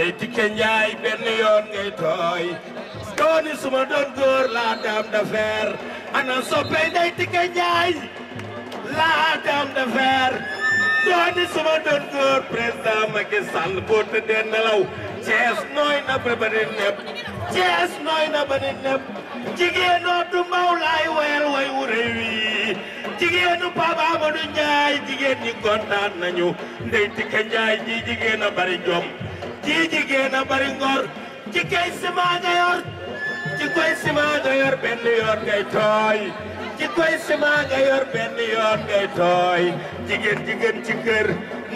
day dikke njaay benn yoon ngay tooy dooni suma doon góor laa daam da feer ana soppey day dikke njaay laa daam da feer dooni suma doon góor président Macky Sall boo tëddee nelaw Cees nooy na ba ni nepp Cees nooy na ba ni nepp jigéenoo du mbaw laay wayal wu réew yi jigéenu Papa Amadou Ndiaye jigéen ñi kontaan nañu ndey dikke njaay ji jigéen a bari jom kii jigéen a bari ngor ci koy sima nga yor ci koy sima nga yor benn yoon ngay tooy ci koy benn yoon ngay tooy jigéen jigéen ci kër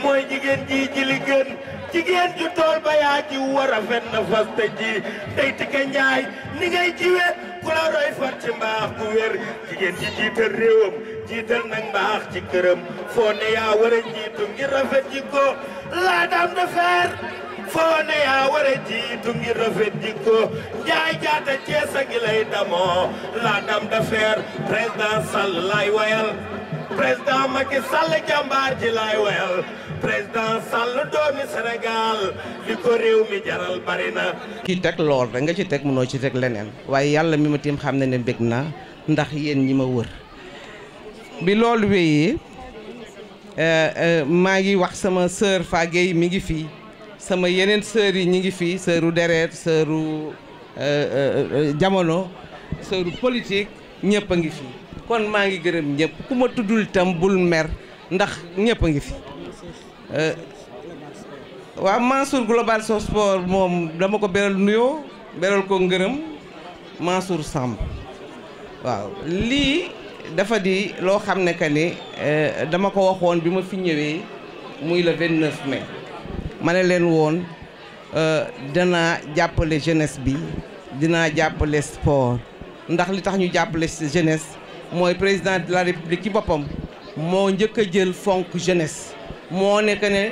mooy jigéen ji ji gën jigéen ju tool ba yaa ji war a na fas te ji tey tika njaay ni ngay jiwe ku la roy far ci mbaax bu wér jigéen ji jiital réewam jiital nag mbaax ci këram foo ne yaa war a jiitu ngir rafet ji ko laadaam de fer foo yaa war a jiitu ngir rafet jikko njaay jaata ceesa ngi lay damoo la dame de président Sall laay wayal président Macky Sall jàmbaar ji laay wayal président Sall doomi Sénégal li ko réew mi jaral bari na kii teg lool da nga ci teg mënoo ci teg leneen waaye yàlla mi ma tiim xam ne ne bég na ndax yéen ñi ma wër bi loolu wéyee eh, eh, maa ngi wax sama sœur Fagey mi ngi fii sama yeneen sœurs yi ñu ngi fii sœuru deret sœuru euh, euh, euh, jamono sœuru politique ñëpp a ngi fi kon maa ngi gërëm ñëpp ku ma tuddul itam bul mer ndax ñëpp a ngi fi waaw Mansour Global So moom dama ko beral nuyoo beral ko ngërëm Mansour Samb waaw lii dafa di loo xam ne que ni dama ko waxoon bi ma fi ñëwee muy le 29 mai ma ne leen woon euh, danaa jàppale jeunesse bi dinaa jàppale sport ndax li tax ñu jàppale jeunesse mooy président de la république ci boppam moo njëkk a jël fonk jeunesse moo nekk ne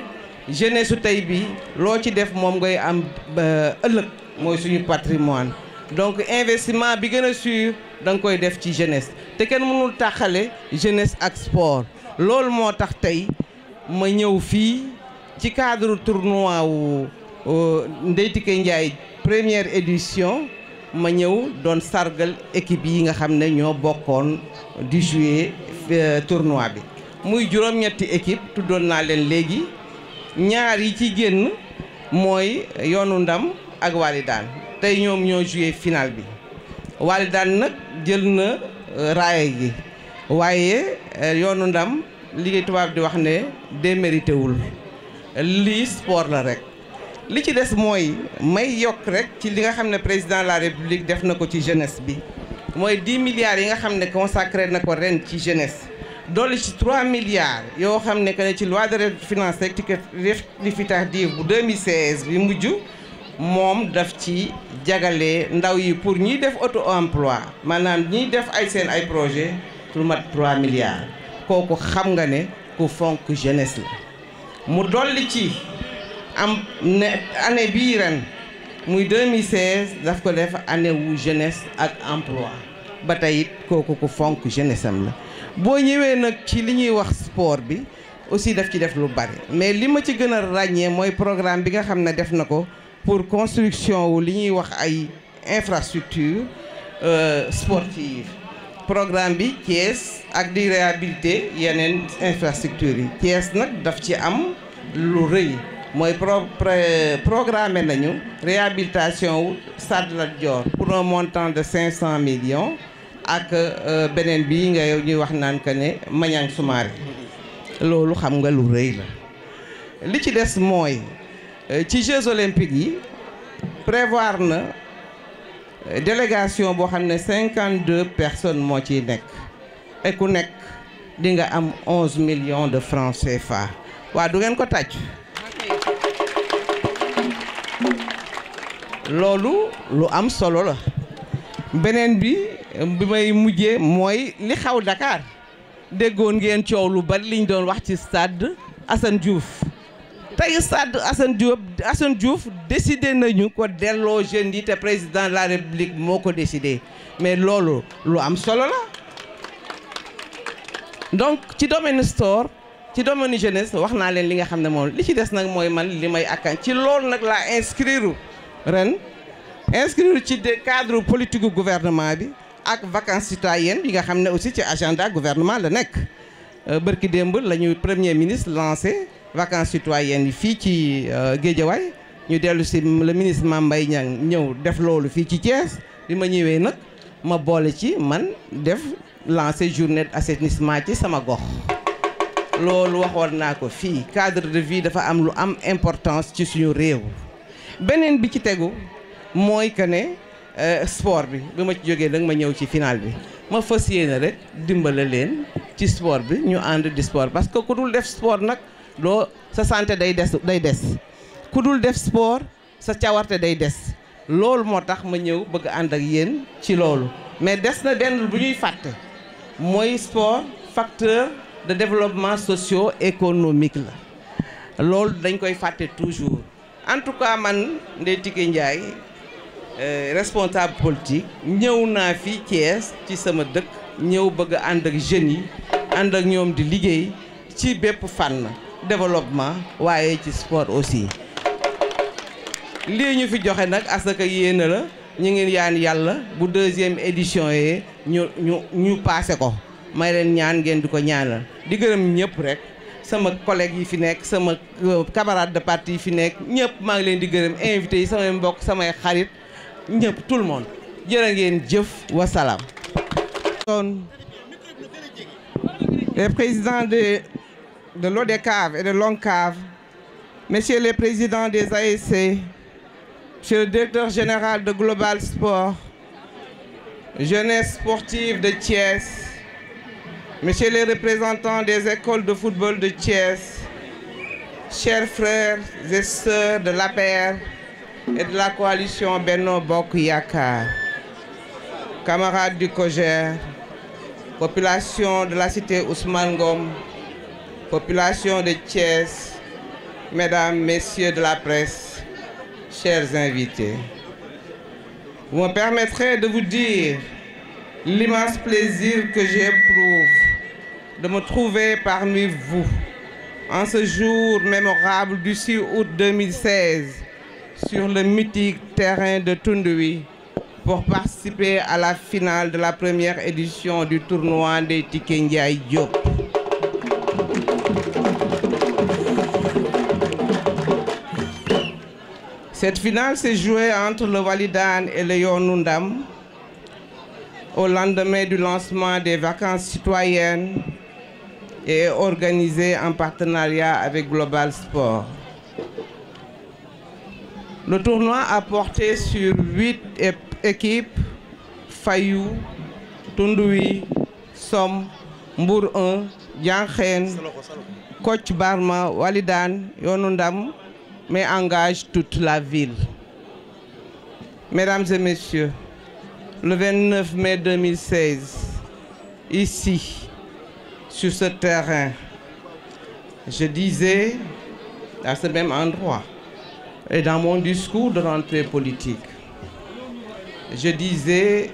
jeunesse su tey bi loo ci def moom ngay am euh, ëllëg mooy suñu patrimoine donc investissement bi gën a sûr da nga koy def ci jeunesse te kenn mënul taxale jeunesse ak sport loolu moo tax tey ma ñëw fii ci cadre tournoi wu euh, Ndeye Tické Ndiaye première édition ma ñëw doon sargal équipe yi nga xam ne ñoo bokkoon di jouer euh, tournoi bi muy juróom-ñetti équipe tuddoon naa leen léegi ñaar yi ci génn mooy yoonu ndam ak walidaan tey ñoom ñoo jouer final bi walidaan nag jël na euh, raaya gi waaye yoonu ndam liggéey tubaab di wax ne démérité wul lii sport la rek li ci des mooy may yokk rek ci li nga xam ne président de la république def na ko ci jeunesse bi mooy 10 milliards yi nga xam ne consacré na ko ren ci jeunesse dolli ci 3 milliards yoo xam ne que ne ci loi de finance rectificative bu 2016 bi mujj moom daf ci jagale ndaw yi pour ñiy def auto emploi maanaam ñiy def ay seen ay projet lu mat 3 milliards kooku xam nga ne ku fonk jeunesse la mu dolli ci am ne année bii ren muy 2016 daf ko def année wu jeunesse ak emploi ba tey it kooku ku fonk jeunesse am la boo ñëwee nag ci li ñuy wax sport bi aussi daf ci def lu bari mais li ma ci gën a ràññee mooy programme bi nga xam ne def na ko pour construction wu li ñuy wax ay infrastructure euh, sportive programme bi Thiès ak di réhabiliter yeneen infrastructure yi Thiès nag daf ci am lu rëy mooy pro programmé nañu réhabilitation wu stade Lat Dior pour un montant de cinq cent millions ak euh, beneen bi nga yow ñuy wax naan que ne Maniang Soumaré loolu xam nga lu rëy la li ci des mooy euh, ci Jeux olympiques yi prévoir na délégation boo xam ne cinquante deux personnes moo ciy nekk et ku nekk dinga am onze millions de francs CFA waa du ngeen ko tàcc loolu lu am solo la beneen bi bi may mujje mooy li xaw Dakar déggoon ngeen coow lu bari liñ doon wax ci stade Assane Diouf tey stade Assane Diouf Assane Diouf décidé nañu ko delloo jeunes yi te président la république moo ko décidé mais loolu lu am solo la donc ci domaine sport ci domaine jeunesse wax naa leen li nga xam ne moom li ci des nag mooy man li may akkan ci loolu nag laa inscrire ren inscrire ci cadre politique gouvernement bi ak vacances citoyennes yi nga xam ne aussi ci agenda gouvernement la nekk euh, bërki démb la ñu premier ministre lancé vacances citoyennes yi fii ci euh, Guédiawaye ñu dellu si le ministre Mame Mbaye Niang ñëw def loolu fii ci Thiès bi ma ñëwee nag ma boole ci man def lancer journée d'assainissement ci sama gox loolu waxoon naa ko fii cadre de vie dafa am lu am importance ci suñu réew beneen bi ci tegu mooy que ne euh, sport bi bi ma ci jógee nag ma ñëw ci final bi ma fas yéene rek dimbale leen ci sport bi ñu ànd di sport parce que ku dul def sport nag loo sa santé day des day des ku dul def sport sa cawarte day des loolu moo tax ma ñëw bëgg ànd ak yéen ci loolu mais des na benn bu ñuy fàtte mooy sport facteur de développement socio-économique la loolu dañ koy fàtte toujours en tout cas man Ndeye Tické Ndiaye euh, responsable politique ñëw naa fi Thiès ci sama dëkk ñëw bëgg ànd ak jeunes yi ànd ak ñoom di liggéey ci bépp fànn développement waaye ci sport aussi lii ñu fi joxe nag asaka yéene la ñu ngi yaan yàlla bu deuxième édition yee ñu ñu ñu paase ko may leen ñaan ngeen di ko ñaanal di gërëm ñëpp rek sama collègue yi fi nekk sama euh, camarade de parti yi fi nekk ñëpp maa ngi leen di gërëm invité yi samay mbokk samay xarit ñëpp tout le monde jërë ngeen jëf wasalaam. de l'ODECAV et de l'ONCAV, Monsieur les Président des ASC, Monsieur le Directeur Général de Global Sport, Jeunesse Sportive de Thiès, Monsieur les représentants des écoles de football de Thiès, chers frères et sœurs de l'APR et de la coalition Benno Bokk Yakaar, camarades du COJER, population de la cité Ousmane population de Thiès, mesdames, messieurs de la presse, chers invités. Vous me permettrez de vous dire l'immense plaisir que j'éprouve de me trouver parmi vous en ce jour mémorable du août sur le mythique terrain de Tundui pour participer à la finale de la première édition du tournoi des Tikengia Diop. Cette finale s'est jouée entre le Walidane et le Yoonu au lendemain du lancement des vacances citoyennes et organisée en partenariat avec Global Sport. Le tournoi a porté sur huit équipes Fayou, Tunduwi, Somme, Mbour 1, Diankhène, Kocc Barma, Ndam mais engage toute la ville. Mesdames et messieurs, le 29 mai 2016, ici, sur ce terrain, je disais, à ce même endroit, et dans mon discours de rentrée politique, je disais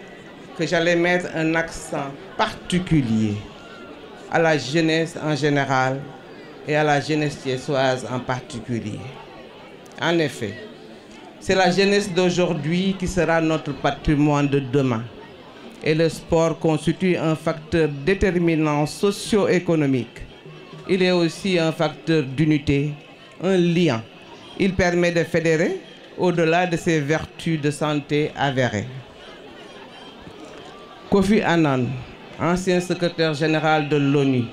que j'allais mettre un accent particulier à la jeunesse en général et à la jeunesse thiessoise en particulier. En effet, c'est la jeunesse d'aujourd'hui qui sera notre patrimoine de demain. Et le sport constitue un facteur déterminant socio-économique. Il est aussi un facteur d'unité, un lien. Il permet de fédérer au-delà de ses vertus de santé avérées. Kofi Annan, ancien secrétaire général de l'ONU,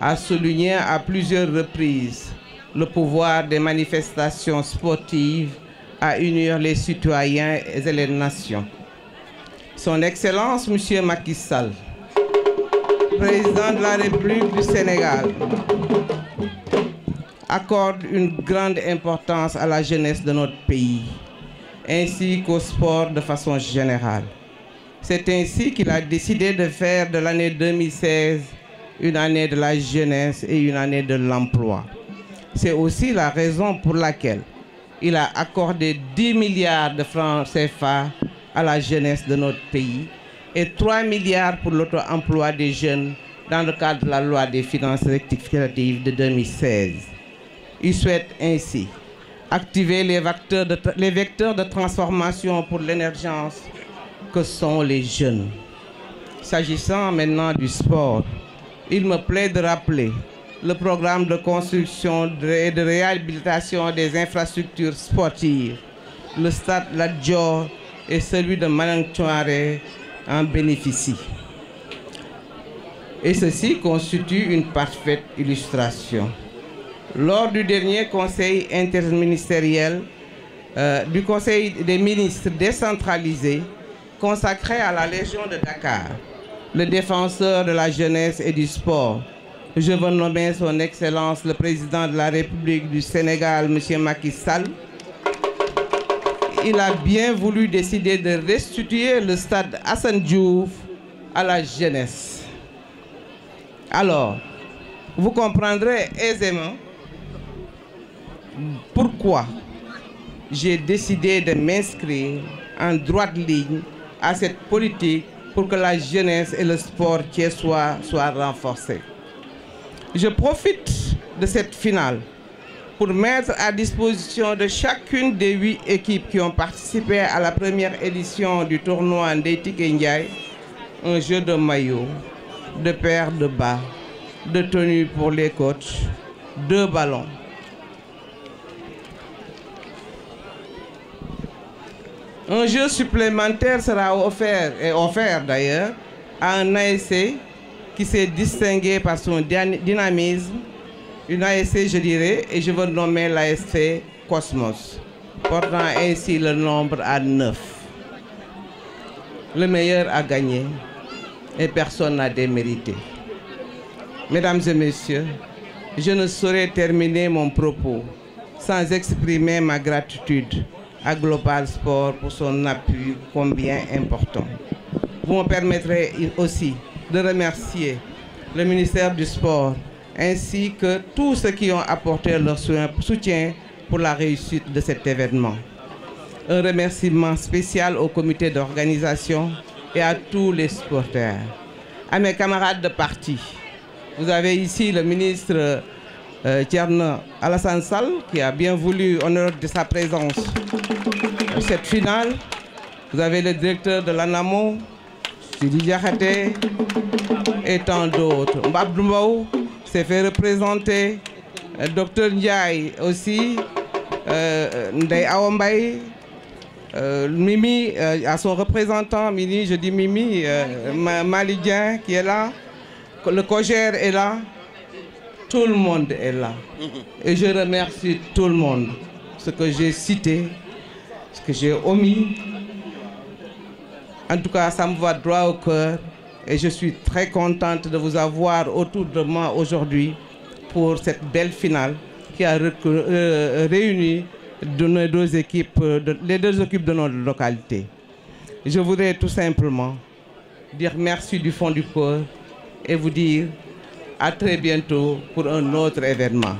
a souligné à plusieurs reprises le pouvoir des manifestations sportives à unir les citoyens et les nations. Son Excellence Monsieur Macky Sall, président de la République du Sénégal, accorde une grande importance à la jeunesse de notre pays, ainsi qu'au sport de façon générale. C'est ainsi qu'il a décidé de faire de l'année 2016 une année de la jeunesse et une année de l'emploi. C'est aussi la raison pour laquelle il a accordé 10 milliards de francs CFA à la jeunesse de notre pays et 3 milliards pour l'auto-emploi des jeunes dans le cadre de la loi des finances rectificatives de 2016. Il souhaite ainsi activer les vecteurs de, les vecteurs de transformation pour l'émergence que sont les jeunes. S'agissant maintenant du sport, il me plaît de rappeler le programme de construction et de réhabilitation des infrastructures sportives. Le stade Ladjor et celui de Manangtuare en bénéficient. Et ceci constitue une parfaite illustration. Lors du dernier conseil interministériel euh, du conseil des ministres décentralisé consacré à la Légion de Dakar, le défenseur de la jeunesse et du sport, Je veux nommer son Excellence le Président de la République du Sénégal, Monsieur Macky Sall. Il a bien voulu décider de restituer le stade Assane Diouf à la jeunesse. Alors, vous comprendrez aisément pourquoi j'ai décidé de m'inscrire en droite ligne à cette politique pour que la jeunesse et le sport qui soit soient renforcés. Je profite de cette finale pour mettre à disposition de chacune des huit équipes qui ont participé à la première édition du tournoi Ndeiti Ndiaye un jeu de maillots, de paires de bas, de tenues pour les coachs, deux ballons. Un jeu supplémentaire sera offert, et offert d'ailleurs, à un ASC qui s'est distingué par son dynamisme, une ASC, je dirais, et je veux nommer l'ASC Cosmos, portant ainsi le nombre à 9. Le meilleur a gagné et personne n'a démérité. Mesdames et messieurs, je ne saurais terminer mon propos sans exprimer ma gratitude à Global Sport pour son appui combien important. Vous me permettrez aussi de remercier le ministère du Sport ainsi que tous ceux qui ont apporté leur soutien pour la réussite de cet événement. Un remerciement spécial au comité d'organisation et à tous les supporters. À mes camarades de parti, vous avez ici le ministre euh, Tierno Alassane qui a bien voulu honorer de sa présence cette finale. Vous avez le directeur de l'ANAMO, Sidi Diakhaté et tant d'autres. Mbabdoumbao s'est fait représenter, Docteur Ndiaye aussi, euh, Ndeye Awambaye, euh, Mimi, euh, à son représentant, Mimi, je dis Mimi, euh, Malidien qui est là, le COGER est là, tout le monde est là. Et je remercie tout le monde, ce que j'ai cité, ce que j'ai omis. En tout cas, ça me va droit au cœur et je suis très contente de vous avoir autour de moi aujourd'hui pour cette belle finale qui a euh, euh, réuni de nos deux équipes, euh, de, les deux équipes de notre localité. Je voudrais tout simplement dire merci du fond du cœur et vous dire à très bientôt pour un autre événement.